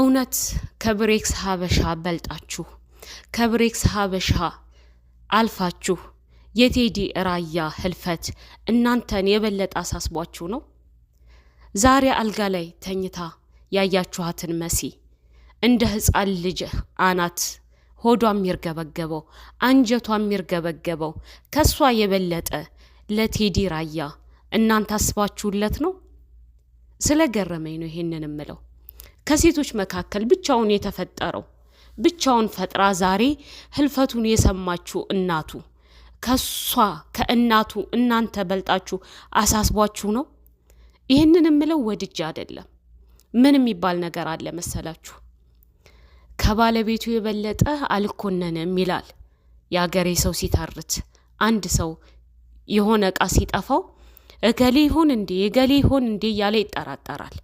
እውነት ከብሬክስ ሀበሻ በልጣችሁ ከብሬክስ ሀበሻ አልፋችሁ የቴዲ ራያ ህልፈት እናንተን የበለጠ አሳስቧችሁ ነው? ዛሬ አልጋ ላይ ተኝታ ያያችኋትን መሲ እንደ ህፃን ልጅ አናት ሆዷ የሚርገበገበው አንጀቷ የሚርገበገበው ከእሷ የበለጠ ለቴዲ ራያ እናንተ አስባችሁለት ነው? ስለገረመኝ ነው ይሄንን የምለው። ከሴቶች መካከል ብቻውን የተፈጠረው ብቻውን ፈጥራ ዛሬ ህልፈቱን የሰማችው እናቱ ከሷ ከእናቱ እናንተ በልጣችሁ አሳስቧችሁ ነው። ይህንን የምለው ወድጄ አይደለም። ምን የሚባል ነገር አለ መሰላችሁ? ከባለቤቱ የበለጠ አልኮነንም ይላል የአገሬ ሰው ሲተርት። አንድ ሰው የሆነ እቃ ሲጠፋው እገሌ ይሁን እንዴ እገሌ ይሁን እንዴ እያለ ይጠራጠራል።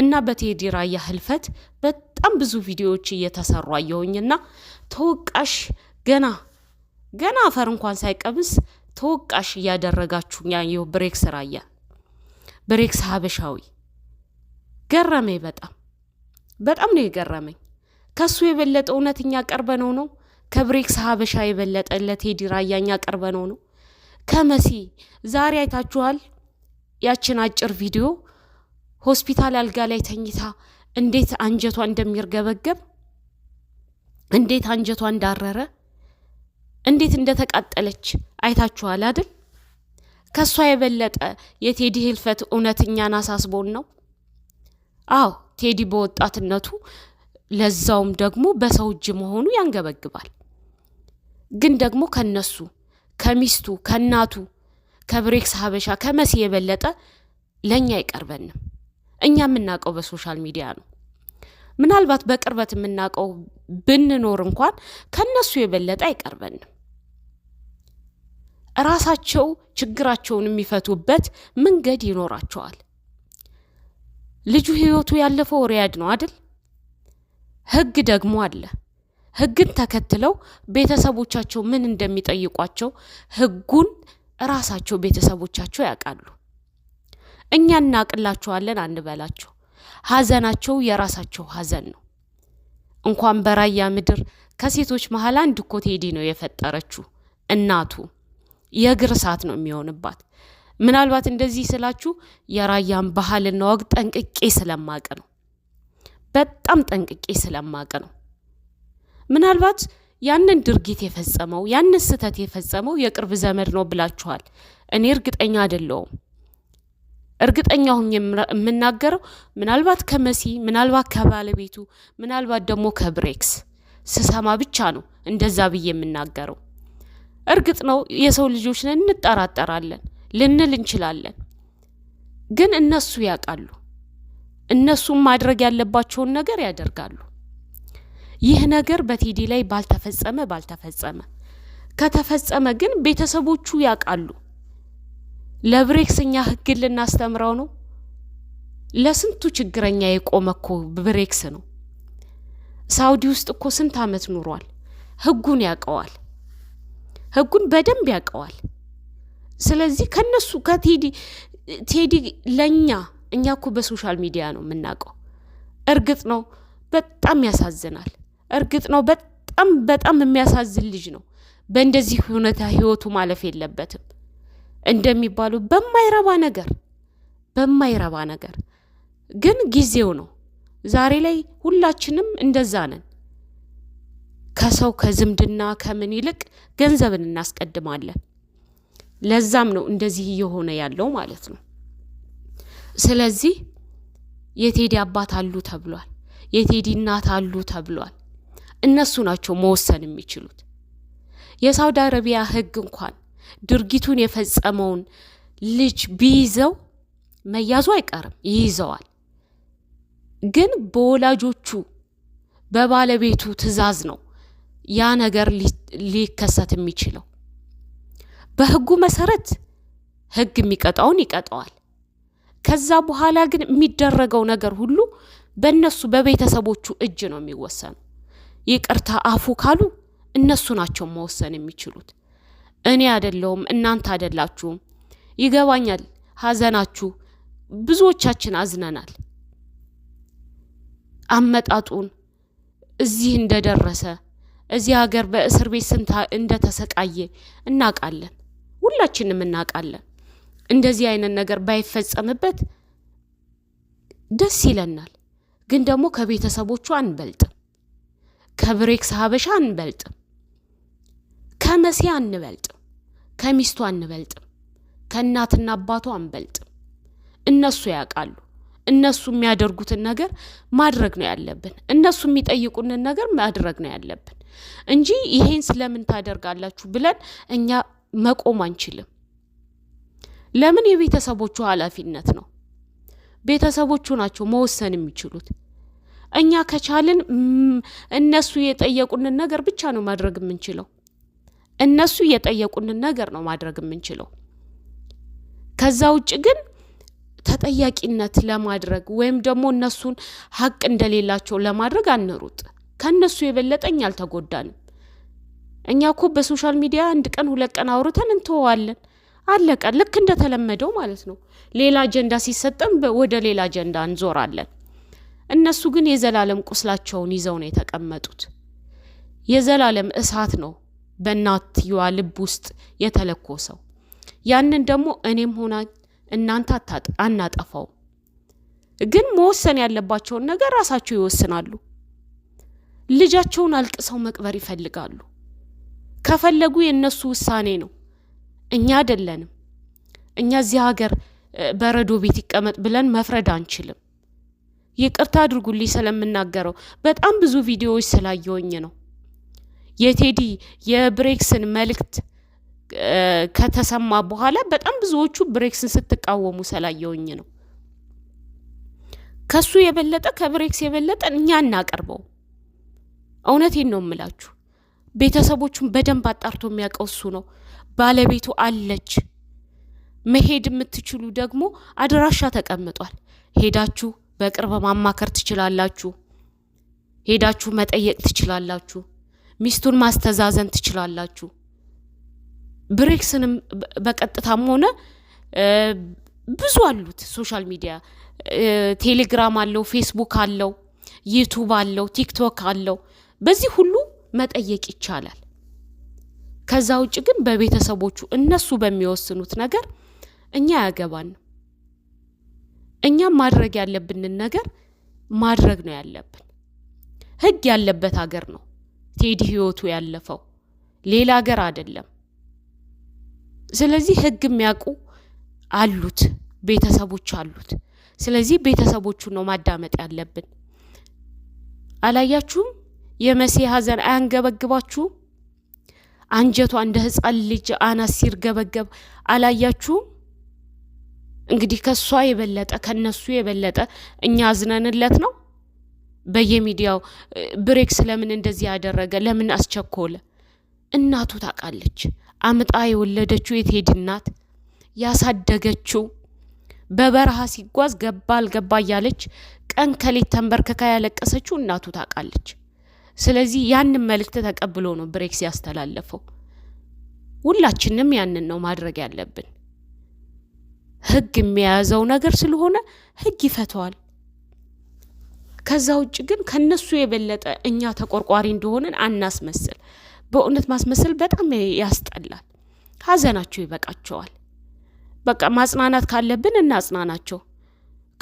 እና በቴዲ ራያ ህልፈት በጣም ብዙ ቪዲዮዎች እየተሰሩ አየሁኝና ተወቃሽ ገና ገና አፈር እንኳን ሳይቀምስ ተወቃሽ እያደረጋችሁ ያየው ብሬክስ ራያ ብሬክስ ሀበሻዊ ገረመኝ። በጣም በጣም ነው የገረመኝ። ከሱ የበለጠ እውነት እኛ ቀርበነው ነው? ከብሬክስ ሀበሻ የበለጠ ለቴዲ ራያ እኛ ቀርበነው ነው? ከመሲ ዛሬ አይታችኋል ያችን አጭር ቪዲዮ ሆስፒታል አልጋ ላይ ተኝታ እንዴት አንጀቷ እንደሚርገበገብ እንዴት አንጀቷ እንዳረረ እንዴት እንደተቃጠለች አይታችኋል አይደል? ከእሷ የበለጠ የቴዲ ህልፈት እውነትኛን አሳስቦን ነው። አዎ ቴዲ በወጣትነቱ ለዛውም ደግሞ በሰው እጅ መሆኑ ያንገበግባል። ግን ደግሞ ከነሱ ከሚስቱ ከእናቱ ከብሬክስ ሀበሻ ከመሲ የበለጠ ለእኛ አይቀርበንም። እኛ የምናውቀው በሶሻል ሚዲያ ነው። ምናልባት በቅርበት የምናውቀው ብንኖር እንኳን ከነሱ የበለጠ አይቀርበንም። እራሳቸው ችግራቸውን የሚፈቱበት መንገድ ይኖራቸዋል። ልጁ ህይወቱ ያለፈው ሪያድ ነው አይደል? ህግ ደግሞ አለ። ህግን ተከትለው ቤተሰቦቻቸው ምን እንደሚጠይቋቸው ህጉን እራሳቸው ቤተሰቦቻቸው ያውቃሉ። እኛ እናቅላችኋለን አንበላቸው። ሀዘናቸው የራሳቸው ሀዘን ነው። እንኳን በራያ ምድር ከሴቶች መሀል አንድ እኮ ቴዲ ነው የፈጠረችው እናቱ። የእግር እሳት ነው የሚሆንባት። ምናልባት እንደዚህ ስላችሁ የራያን ባህልና ወግ ጠንቅቄ ስለማቅ ነው። በጣም ጠንቅቄ ስለማቅ ነው። ምናልባት ያንን ድርጊት የፈጸመው ያንን ስህተት የፈጸመው የቅርብ ዘመድ ነው ብላችኋል። እኔ እርግጠኛ አይደለውም። እርግጠኛ ሁኝ የምናገረው ምናልባት ከመሲ ምናልባት ከባለቤቱ ምናልባት ደግሞ ከብሬክስ ስሰማ ብቻ ነው እንደዛ ብዬ የምናገረው። እርግጥ ነው የሰው ልጆች ነን፣ እንጠራጠራለን፣ ልንል እንችላለን። ግን እነሱ ያውቃሉ። እነሱም ማድረግ ያለባቸውን ነገር ያደርጋሉ። ይህ ነገር በቴዲ ላይ ባልተፈጸመ ባልተፈጸመ ከተፈጸመ ግን ቤተሰቦቹ ያውቃሉ። ለብሬክስ እኛ ህግ ልናስተምረው ነው። ለስንቱ ችግረኛ የቆመ እኮ ብሬክስ ነው። ሳውዲ ውስጥ እኮ ስንት ዓመት ኑሯል። ህጉን ያውቀዋል። ህጉን በደንብ ያውቀዋል። ስለዚህ ከነሱ ከቴዲ ቴዲ ለእኛ እኛ እኮ በሶሻል ሚዲያ ነው የምናውቀው። እርግጥ ነው በጣም ያሳዝናል። እርግጥ ነው በጣም በጣም የሚያሳዝን ልጅ ነው። በእንደዚህ ሁኔታ ህይወቱ ማለፍ የለበትም እንደሚባሉ በማይረባ ነገር በማይረባ ነገር ግን ጊዜው ነው። ዛሬ ላይ ሁላችንም እንደዛ ነን። ከሰው ከዝምድና ከምን ይልቅ ገንዘብን እናስቀድማለን። ለዛም ነው እንደዚህ እየሆነ ያለው ማለት ነው። ስለዚህ የቴዲ አባት አሉ ተብሏል፣ የቴዲ እናት አሉ ተብሏል። እነሱ ናቸው መወሰን የሚችሉት። የሳውዲ አረቢያ ህግ እንኳን ድርጊቱን የፈጸመውን ልጅ ቢይዘው መያዙ አይቀርም ይይዘዋል። ግን በወላጆቹ በባለቤቱ ትዕዛዝ ነው ያ ነገር ሊከሰት የሚችለው። በህጉ መሰረት ህግ የሚቀጣውን ይቀጠዋል። ከዛ በኋላ ግን የሚደረገው ነገር ሁሉ በእነሱ በቤተሰቦቹ እጅ ነው የሚወሰኑ። ይቅርታ አፉ ካሉ እነሱ ናቸው መወሰን የሚችሉት። እኔ አደለውም፣ እናንተ አይደላችሁም። ይገባኛል ሀዘናችሁ ብዙዎቻችን አዝነናል። አመጣጡን እዚህ እንደደረሰ እዚህ ሀገር በእስር ቤት ስንት እንደተሰቃየ እናውቃለን፣ ሁላችንም እናውቃለን። እንደዚህ አይነት ነገር ባይፈጸምበት ደስ ይለናል፣ ግን ደግሞ ከቤተሰቦቹ አንበልጥም። ከብሬክስ ሀበሻ አንበልጥም፣ ከመሲ አንበልጥም፣ ከሚስቱ አንበልጥም፣ ከእናትና አባቱ አንበልጥም። እነሱ ያውቃሉ። እነሱ የሚያደርጉትን ነገር ማድረግ ነው ያለብን። እነሱ የሚጠይቁንን ነገር ማድረግ ነው ያለብን እንጂ ይሄን ስለምን ታደርጋላችሁ ብለን እኛ መቆም አንችልም። ለምን? የቤተሰቦቹ ኃላፊነት ነው። ቤተሰቦቹ ናቸው መወሰን የሚችሉት። እኛ ከቻልን እነሱ የጠየቁንን ነገር ብቻ ነው ማድረግ የምንችለው። እነሱ የጠየቁንን ነገር ነው ማድረግ የምንችለው። ከዛ ውጭ ግን ተጠያቂነት ለማድረግ ወይም ደግሞ እነሱን ሀቅ እንደሌላቸው ለማድረግ አንሩጥ። ከእነሱ የበለጠኝ አልተጎዳንም። እኛ እኮ በሶሻል ሚዲያ አንድ ቀን ሁለት ቀን አውርተን እንተዋለን። አለቀ። ልክ እንደተለመደው ማለት ነው። ሌላ አጀንዳ ሲሰጠን ወደ ሌላ አጀንዳ እንዞራለን። እነሱ ግን የዘላለም ቁስላቸውን ይዘው ነው የተቀመጡት። የዘላለም እሳት ነው በእናትየዋ ልብ ውስጥ የተለኮሰው። ያንን ደግሞ እኔም ሆና እናንተ አናጠፋውም። ግን መወሰን ያለባቸውን ነገር ራሳቸው ይወስናሉ። ልጃቸውን አልቅሰው መቅበር ይፈልጋሉ። ከፈለጉ የእነሱ ውሳኔ ነው። እኛ አይደለንም። እኛ እዚህ ሀገር በረዶ ቤት ይቀመጥ ብለን መፍረድ አንችልም። ይቅርታ አድርጉልኝ ስለምናገረው በጣም ብዙ ቪዲዮዎች ስላየውኝ ነው። የቴዲ የብሬክስን መልእክት ከተሰማ በኋላ በጣም ብዙዎቹ ብሬክስን ስትቃወሙ ስላየውኝ ነው። ከሱ የበለጠ ከብሬክስ የበለጠ እኛ እናቀርበው። እውነቴን ነው የምላችሁ። ቤተሰቦቹን በደንብ አጣርቶ የሚያውቀው እሱ ነው። ባለቤቱ አለች። መሄድ የምትችሉ ደግሞ አድራሻ ተቀምጧል። ሄዳችሁ በቅርብ ማማከር ትችላላችሁ። ሄዳችሁ መጠየቅ ትችላላችሁ። ሚስቱን ማስተዛዘን ትችላላችሁ። ብሬክስንም በቀጥታም ሆነ ብዙ አሉት። ሶሻል ሚዲያ ቴሌግራም አለው፣ ፌስቡክ አለው፣ ዩቱብ አለው፣ ቲክቶክ አለው። በዚህ ሁሉ መጠየቅ ይቻላል። ከዛ ውጭ ግን በቤተሰቦቹ እነሱ በሚወስኑት ነገር እኛ ያገባን እኛም ማድረግ ያለብንን ነገር ማድረግ ነው ያለብን። ህግ ያለበት ሀገር ነው ቴዲ ህይወቱ ያለፈው፣ ሌላ ሀገር አይደለም። ስለዚህ ህግ የሚያውቁ አሉት፣ ቤተሰቦች አሉት። ስለዚህ ቤተሰቦቹን ነው ማዳመጥ ያለብን። አላያችሁም? የመሲ ሀዘን አያንገበግባችሁም? አንጀቷ እንደ ህፃን ልጅ አናስ ሲርገበገብ አላያችሁም? እንግዲህ ከእሷ የበለጠ ከነሱ የበለጠ እኛ አዝነንለት ነው። በየሚዲያው ብሬክስ ለምን እንደዚህ ያደረገ ለምን አስቸኮለ? እናቱ ታውቃለች። አምጣ የወለደችው የቴዲ እናት ያሳደገችው በበረሃ ሲጓዝ ገባ አልገባ እያለች ቀን ከሌት ተንበርክካ ያለቀሰችው እናቱ ታውቃለች። ስለዚህ ያንን መልእክት ተቀብሎ ነው ብሬክስ ያስተላለፈው። ሁላችንም ያንን ነው ማድረግ ያለብን። ህግ የሚያዘው ነገር ስለሆነ ህግ ይፈተዋል። ከዛ ውጭ ግን ከነሱ የበለጠ እኛ ተቆርቋሪ እንደሆንን አናስመስል። በእውነት ማስመሰል በጣም ያስጠላል። ሀዘናቸው ይበቃቸዋል። በቃ ማጽናናት ካለብን እናጽናናቸው፣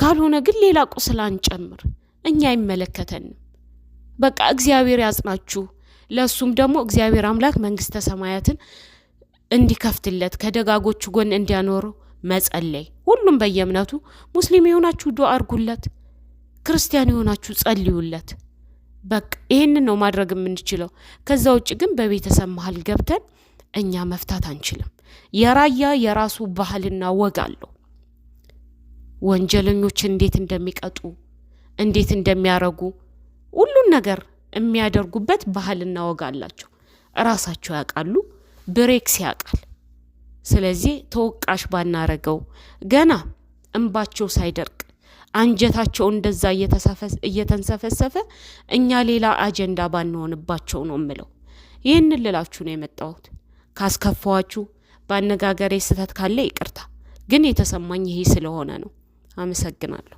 ካልሆነ ግን ሌላ ቁስል አንጨምር። እኛ አይመለከተንም። በቃ እግዚአብሔር ያጽናችሁ። ለእሱም ደግሞ እግዚአብሔር አምላክ መንግስተ ሰማያትን እንዲከፍትለት ከደጋጎቹ ጎን እንዲያኖረው መጸለይ። ሁሉም በየእምነቱ ሙስሊም የሆናችሁ ዱ አርጉለት፣ ክርስቲያን የሆናችሁ ጸልዩለት። በቃ ይህንን ነው ማድረግ የምንችለው። ከዛ ውጭ ግን በቤተሰብ መሀል ገብተን እኛ መፍታት አንችልም። የራያ የራሱ ባህልና ወግ አለው። ወንጀለኞች እንዴት እንደሚቀጡ እንዴት እንደሚያረጉ ሁሉን ነገር የሚያደርጉበት ባህልና ወግ አላቸው። እራሳቸው ያውቃሉ። ብሬክስ ያውቃል። ስለዚህ ተወቃሽ ባናረገው ገና እንባቸው ሳይደርቅ አንጀታቸው እንደዛ እየተንሰፈሰፈ እኛ ሌላ አጀንዳ ባንሆንባቸው ነው የምለው። ይህን ልላችሁ ነው የመጣሁት። ካስከፋዋችሁ፣ በአነጋገሬ ስህተት ካለ ይቅርታ፣ ግን የተሰማኝ ይሄ ስለሆነ ነው። አመሰግናለሁ።